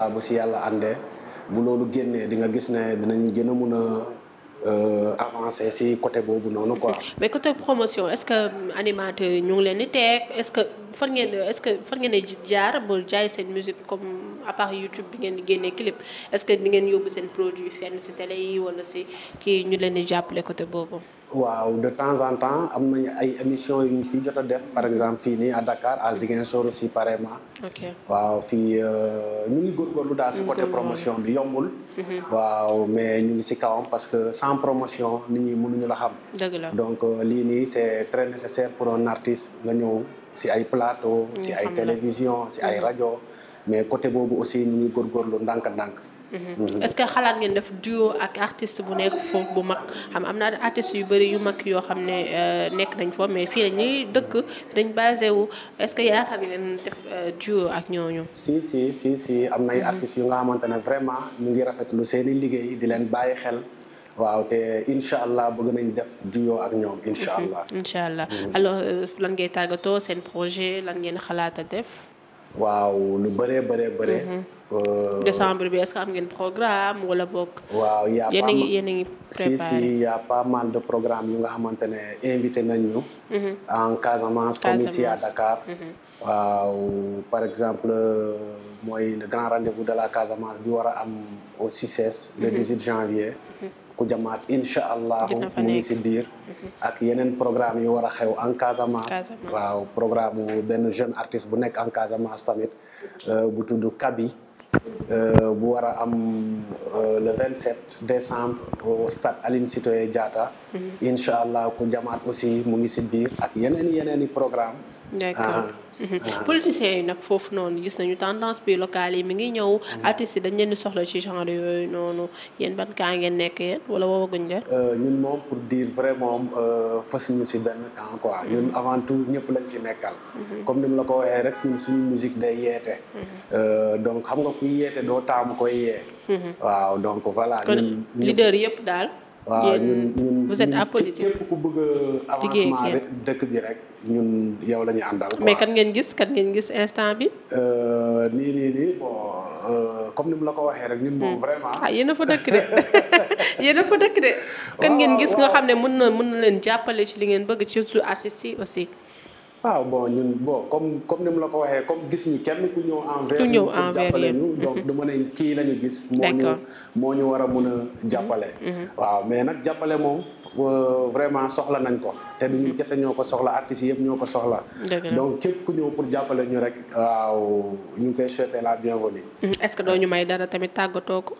waaw bu si yàlla àndee bu loolu génnee di nga gis ne dinañ gën a mun a euh, avancer si côté boobu noonu ko mais côté promotion est-ce que animateur yi ñu ngi leen di teg est-ce que fan ngeen est-ce que fan ngeen di jaar ba jaay seen musique comme à part YouTube bi ngeen di génnee clip est-ce que di ngeen yóbbu seen produit fenn si télé yi wala si kii ñu leen di jàppale côté boobu. waaw de temps en temps am nañu ay émissions yu ñu fi jot a def par exemple fii nii à Dakar à Ziguinchor aussi si ok waaw fii euh, ñu ngi góorgóorlu daal si côté promotion bi yombul. Mhm. waaw mais ñu ngi si kawam parce que sans promotion nit ñi mënuñu la xam. donc euh, lii nii c' est très nécessaire pour un artiste nga ñëw si ay plateau. si ay télévision si ay mhm. rajo mais côté boobu aussi ñu ngi góorgóorlu ndànk-ndànk. Mm-hmm. est-ce que xalaat ngeen def duo ak artiste bu nekk foofu bu mag xam am naa artiste yu bëri yu mag yoo xam ne euh, nekk nañ foofu mais fii dañuy dëkk dañ basé wu est-ce que yaakaar ngeen def euh, duo ak ñooñu. si si si si am na ay mm-hmm. yu nga xamante ne vraiment mu ngi rafetlu seen i liggéey di leen bàyyi xel. waaw te incha allah bëgg nañ def duo ak ñoom incha mm-hmm. allah. incha allah alors euh, lan ngay tàggatoo seen projet lan ngeen xalaat a def. waaw lu bëree bëree bëree. Mhm. Euh, décembre bi est-ce am ngeen programme wala bokk. waaw y' a yéen a ngi yéen préparé si si y' pas mal de programme yu nga xamante ne invité nañ ñu. Mhm. en Casamance comme ici à Dakar. Mhm. waaw par exemple euh, mooy le grand rendez de la Casamance bi war a am au Sucès le janvier. ku jamaat incha allahu mu ngi si biir mhm. ak yeneen programme yu war a xew en Casamance waaw programme benn jeune artiste bu nekk en Casamance tamit euh, bu tudd Kabi euh, bu war a am euh, le 27 décembre au stade Aline Sitoé Diatta. Mhm. incha allah ku jamaat aussi mu ngi si biir ak yeneen yeneen i programme d'accord ah. Mhm. Ah. politiciens yi nag foofu noonu gis nañu tendance bi locale yi mi ngi ñëw mhm. artistes yi dañ leen di soxla ci genre yooyu noonu yéen ban kaa ngeen nekk yéen wala woowaguñ leen euh, ñun moom pour dire vraiment euh, fasuñu si benn camp quoi ñun ñëpp lañ fi nekkal comme ni mu la ko waxee yeete donc xam nga kuy yeete doo taal daa am koy yee. Mhm. waaw donc voilà. ñun leader yëpp daal. waaw ñun ñun vous êtes apolitique képp ku bëgg avancement dëkk bi rek ñun yow la ñu daal mais kan ngeen gis kan ngeen gis instant bi. Euh, nii nii nii bon euh, la ko waxee rek ñun moom hmm. vraiment. ah fa dëkk de yéen fa dëkk de. kan ngeen gis nga xam ne mën na mën na leen jàppale ci li ngeen bëgg ci surtout artistes yi aussi. waaw ah, bon ñun bon comme comme ni mu la ko waxee comme gis ñu kenn ku ñëw envers ñu jàppale ñu donc dama ne kii la gis moo moo ñu war a mun a jàppale mm-hmm. Mm-hmm. waaw mais nag jàppale moom euh, vraiment soxla nañ ko te du ñu mm-hmm. kese ñoo ko soxla artistes yëpp ñoo ko soxla donc képp ku ñëw pour jàppale ñu rek waaw ñu koy souhaiter la bienvenue est-ce que doo ñu may dara tamit tàggatoo ko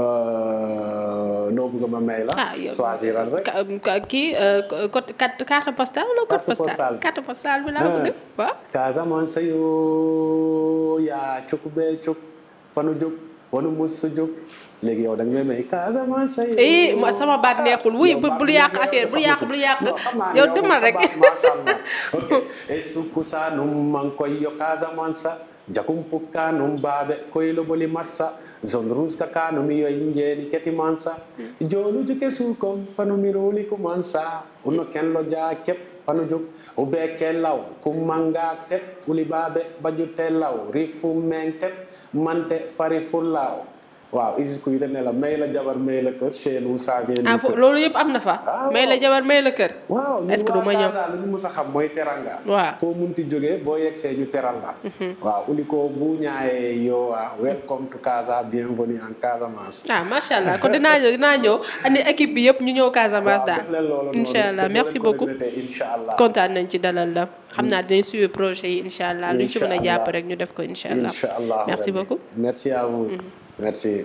euh, noo bëgg ma may la. Ah, choisir rek kii euh, code carte postale wala code postale carte postale bi laa bëgg ah. waaw. Casamance yoo yaa cuk bee cuk fanu jóg wanu mus su jóg léegi yow da nga may may Casamance yoo. Eh, sama baat neexul wuy bul yàq affaire bul yàq bul yàq yow demal rek. jakum pukka num baaɓe koyloboli massa zone rouge kaka nomi yoyi jeeni keti mansa jooluju kesukom panomi rooli kumansa uno kenlo jaa kep pano jog ube kellaw kummanga tep uli baaɓe bajutellaw rifumeng tep mante fari fullaw waaw ISIS la may la jabar may la kër ah, loolu yëpp na fa. Ah, may la jabar may la kër. waaw ce que du ma ñëw lu ñu mës a xam mooy teranga. waaw foo munti jógee boo yegsee ñu teral la. Mhm. waaw uliko bu ñaayee yow ah welcome to Casa bienvenue en Casamance. ah macha allah kon dinaa ñëw dinaa ñëw andi équipe bi yëpp ñu ñëw Casamance daal. waaw allah merci beaucoup kontaan nañ ci dalal la. xam naa mm. dinañ suivre projet yi incha allah. incha allah lu ñu ci mën a jàpp rek ñu def ko incha allah. merci beaucoup merci merci.